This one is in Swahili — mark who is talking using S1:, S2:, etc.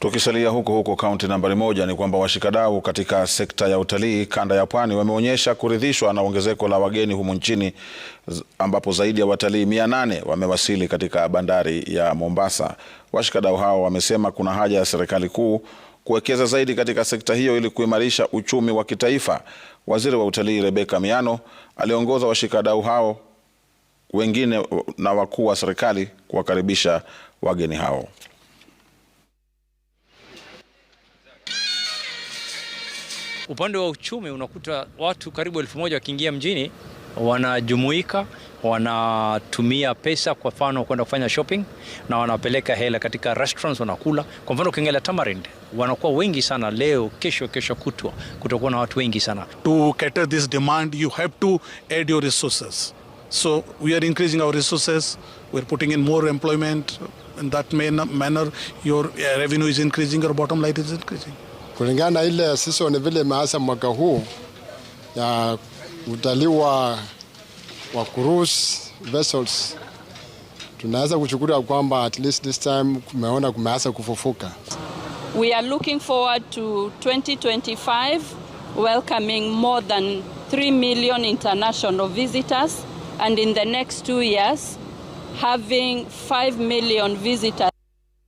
S1: Tukisalia huko huko kaunti nambari moja, ni kwamba washikadau katika sekta ya utalii kanda ya pwani wameonyesha kuridhishwa na ongezeko la wageni humu nchini, ambapo zaidi ya watalii mia nane wamewasili katika bandari ya Mombasa. Washikadau hao wamesema kuna haja ya serikali kuu kuwekeza zaidi katika sekta hiyo ili kuimarisha uchumi wa kitaifa. Waziri wa utalii Rebecca Miano aliongoza washikadau hao wengine na wakuu wa serikali kuwakaribisha wageni hao.
S2: Upande wa uchumi unakuta watu karibu elfu moja wakiingia mjini wanajumuika wanatumia pesa kwa mfano kwenda kufanya shopping na wanapeleka hela katika restaurants wanakula. Kwa mfano ukiangalia Tamarind wanakuwa wengi sana leo, kesho, kesho kutwa kutakuwa na watu wengi sana.
S3: To cater this demand you have to add your resources. So we are increasing our resources, we are putting in more employment. In that manner your uh, revenue is increasing, your bottom line is increasing.
S4: Kulingana na ile season vile imeanza mwaka huu ya utalii wa cruise vessels, tunaweza kuchukulia kwamba at least this time kumeona kumeanza kufufuka.
S5: We are looking forward to 2025 welcoming more than 3 million international visitors and in the next two years having 5 million visitors